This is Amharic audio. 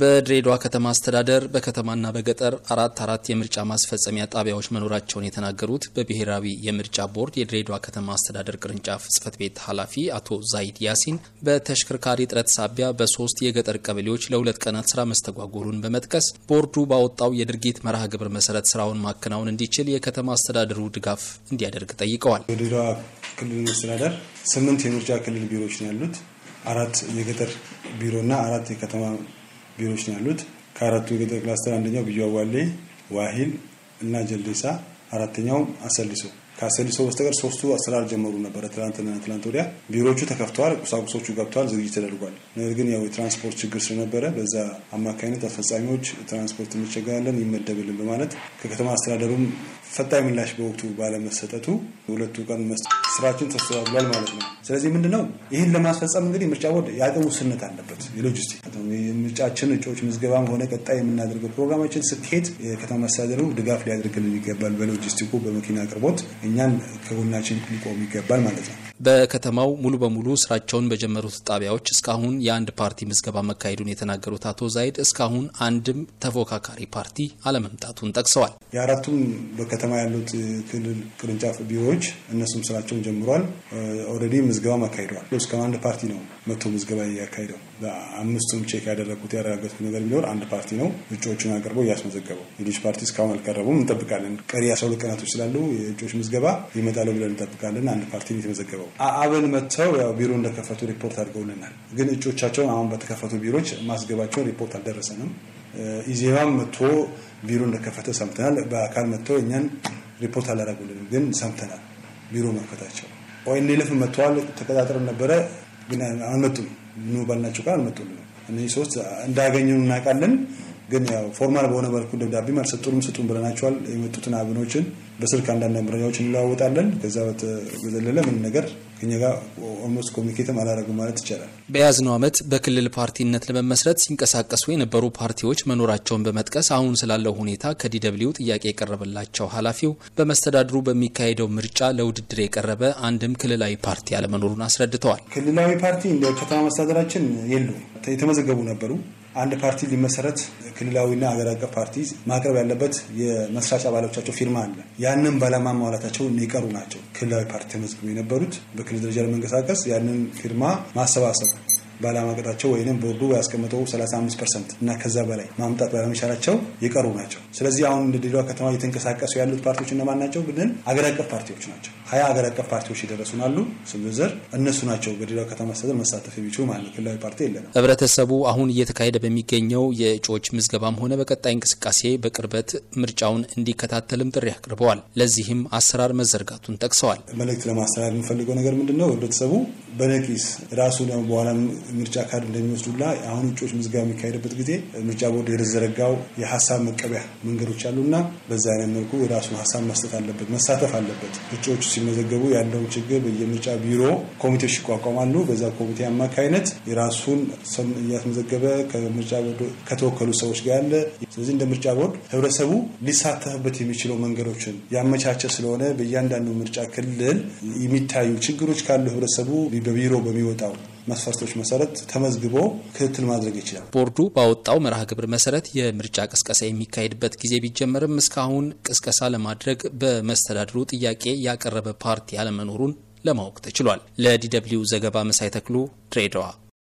በድሬዳዋ ከተማ አስተዳደር በከተማና በገጠር አራት አራት የምርጫ ማስፈጸሚያ ጣቢያዎች መኖራቸውን የተናገሩት በብሔራዊ የምርጫ ቦርድ የድሬዳዋ ከተማ አስተዳደር ቅርንጫፍ ጽህፈት ቤት ኃላፊ አቶ ዛይድ ያሲን በተሽከርካሪ እጥረት ሳቢያ በሶስት የገጠር ቀበሌዎች ለሁለት ቀናት ስራ መስተጓጎሉን በመጥቀስ ቦርዱ ባወጣው የድርጊት መርሃ ግብር መሰረት ስራውን ማከናወን እንዲችል የከተማ አስተዳደሩ ድጋፍ እንዲያደርግ ጠይቀዋል። የድሬዳዋ ክልል መስተዳደር ስምንት የምርጫ ክልል ቢሮዎች ነው ያሉት። አራት የገጠር ቢሮና አራት የከተማ ቢሮዎች ነው ያሉት። ከአራቱ የገጠር ክላስተር አንደኛው ብዩ አዋሌ፣ ዋሂል እና ጀልዴሳ፣ አራተኛው አሰልሶ። ከአሰልሶ በስተቀር ሶስቱ አሰራር ጀመሩ ነበረ። ትላንትና ትላንት ወዲያ ቢሮዎቹ ተከፍተዋል፣ ቁሳቁሶቹ ገብተዋል፣ ዝግጅት ተደርጓል። ነገር ግን ያው የትራንስፖርት ችግር ስለነበረ በዛ አማካኝነት አስፈጻሚዎች ትራንስፖርት እንቸገራለን ይመደብልን በማለት ከከተማ አስተዳደሩም ፈጣን ምላሽ በወቅቱ ባለመሰጠቱ ሁለቱ ቀን ስራችን ተስተባብሏል ማለት ነው። ስለዚህ ምንድነው ይህን ለማስፈጸም እንግዲህ ምርጫ ቦርድ የአቅም ውስንነት አለበት። የሎጂስቲክ ምርጫችን እጩዎች ምዝገባም ሆነ ቀጣይ የምናደርገው ፕሮግራማችን ስትሄድ የከተማ መስተዳደሩ ድጋፍ ሊያደርግልን ይገባል። በሎጂስቲኩ በመኪና አቅርቦት እኛን ከጎናችን ሊቆም ይገባል ማለት ነው። በከተማው ሙሉ በሙሉ ስራቸውን በጀመሩት ጣቢያዎች እስካሁን የአንድ ፓርቲ ምዝገባ መካሄዱን የተናገሩት አቶ ዛይድ እስካሁን አንድም ተፎካካሪ ፓርቲ አለመምጣቱን ጠቅሰዋል። የአራቱም ከተማ ያሉት ክልል ቅርንጫፍ ቢሮዎች እነሱም ስራቸውን ጀምሯል። ኦልሬዲ ምዝገባም አካሂደዋል። እስከ አንድ ፓርቲ ነው መቶ ምዝገባ ያካሂደው። አምስቱም ቼክ ያደረጉት ያረጋገጥኩት ነገር ቢኖር አንድ ፓርቲ ነው እጩዎቹን አቅርበው እያስመዘገበው። ሌሎች ፓርቲ እስካሁን አልቀረቡም። እንጠብቃለን። ቀሪ አስራ ሁለት ቀናቶች ስላሉ የእጩዎች ምዝገባ ይመጣሉ ብለን እንጠብቃለን። አንድ ፓርቲ ነው የተመዘገበው። አብን መጥተው ያው ቢሮ እንደከፈቱ ሪፖርት አድርገውልናል። ግን እጩዎቻቸውን አሁን በተከፈቱ ቢሮዎች ማስገባቸውን ሪፖርት አልደረሰንም። ኢዜማም መጥቶ ቢሮ እንደከፈተ ሰምተናል። በአካል መጥቶ እኛን ሪፖርት አላደረጉልንም፣ ግን ሰምተናል ቢሮ መክፈታቸው። ኦኤንኤልኤፍ መጥተዋል፣ ተቀጣጥረን ነበረ፣ ግን አልመጡም። ኑ ባልናቸው ቃል አልመጡልንም። እነዚህ ሶስት እንዳገኘን እናውቃለን። ግን ያው ፎርማል በሆነ መልኩ ደብዳቤ መልስ ስጡን ብለናቸዋል። የመጡትን አብኖችን በስልክ አንዳንድ መረጃዎች እንለዋወጣለን። ከዛ በዘለለ ምን ነገር ከኛ ጋር ኦልሞስት ኮሚኒኬትም አላረጉም ማለት ይቻላል። በያዝነው ዓመት በክልል ፓርቲነት ለመመስረት ሲንቀሳቀሱ የነበሩ ፓርቲዎች መኖራቸውን በመጥቀስ አሁን ስላለው ሁኔታ ከዲደብሊው ጥያቄ የቀረበላቸው ኃላፊው በመስተዳድሩ በሚካሄደው ምርጫ ለውድድር የቀረበ አንድም ክልላዊ ፓርቲ አለመኖሩን አስረድተዋል። ክልላዊ ፓርቲ እንደ ከተማ መስተዳደራችን የሉ የተመዘገቡ ነበሩ አንድ ፓርቲ ሊመሰረት ክልላዊና ሀገር አቀፍ ፓርቲ ማቅረብ ያለበት የመስራች አባሎቻቸው ፊርማ አለ። ያንን ባለማሟላታቸውን የቀሩ ናቸው ክልላዊ ፓርቲ ተመዝግበው የነበሩት በክልል ደረጃ ለመንቀሳቀስ ያንን ፊርማ ማሰባሰብ ባለማቀጣቸው ወይም ቦርዱ ያስቀምጠው 35 ፐርሰንት እና ከዛ በላይ ማምጣት ባለመቻላቸው የቀሩ ናቸው። ስለዚህ አሁን ድሬዳዋ ከተማ እየተንቀሳቀሱ ያሉት ፓርቲዎች እነማን ናቸው ብንል አገር አቀፍ ፓርቲዎች ናቸው። ሀያ አገር አቀፍ ፓርቲዎች የደረሱን አሉ ስንዘር እነሱ ናቸው በድሬዳዋ ከተማ አስተዳደር መሳተፍ የሚችሉ ማለት ክልላዊ ፓርቲ የለንም። ህብረተሰቡ አሁን እየተካሄደ በሚገኘው የእጩዎች ምዝገባም ሆነ በቀጣይ እንቅስቃሴ በቅርበት ምርጫውን እንዲከታተልም ጥሪ አቅርበዋል። ለዚህም አሰራር መዘርጋቱን ጠቅሰዋል። መልእክት ለማስተላለፍ የምፈልገው ነገር ምንድን ነው? ህብረተሰቡ በነቂስ ራሱን ያው በኋላ ምርጫ ካርድ እንደሚወስዱላ አሁን እጩዎች ምዝገባ የሚካሄድበት ጊዜ ምርጫ ቦርድ የተዘረጋው የሀሳብ መቀበያ መንገዶች አሉና በዛ አይነት መልኩ የራሱን ሀሳብ መስጠት አለበት፣ መሳተፍ አለበት። እጩዎቹ ሲመዘገቡ ያለውን ችግር በየምርጫ ቢሮ ኮሚቴዎች ይቋቋማሉ። በዛ ኮሚቴ አማካይነት የራሱን እያስመዘገበ ከምርጫ ቦርድ ከተወከሉ ሰዎች ጋር ያለ ስለዚህ እንደ ምርጫ ቦርድ ህብረተሰቡ ሊሳተፍበት የሚችለው መንገዶችን ያመቻቸ ስለሆነ በእያንዳንዱ ምርጫ ክልል የሚታዩ ችግሮች ካሉ ህብረተሰቡ ወደ ቢሮ በሚወጣው መስፈርቶች መሰረት ተመዝግቦ ክትትል ማድረግ ይችላል። ቦርዱ ባወጣው መርሃ ግብር መሰረት የምርጫ ቅስቀሳ የሚካሄድበት ጊዜ ቢጀመርም እስካሁን ቅስቀሳ ለማድረግ በመስተዳድሩ ጥያቄ ያቀረበ ፓርቲ አለመኖሩን ለማወቅ ተችሏል። ለዲ ዘገባ መሳይ ተክሉ ድሬዳዋ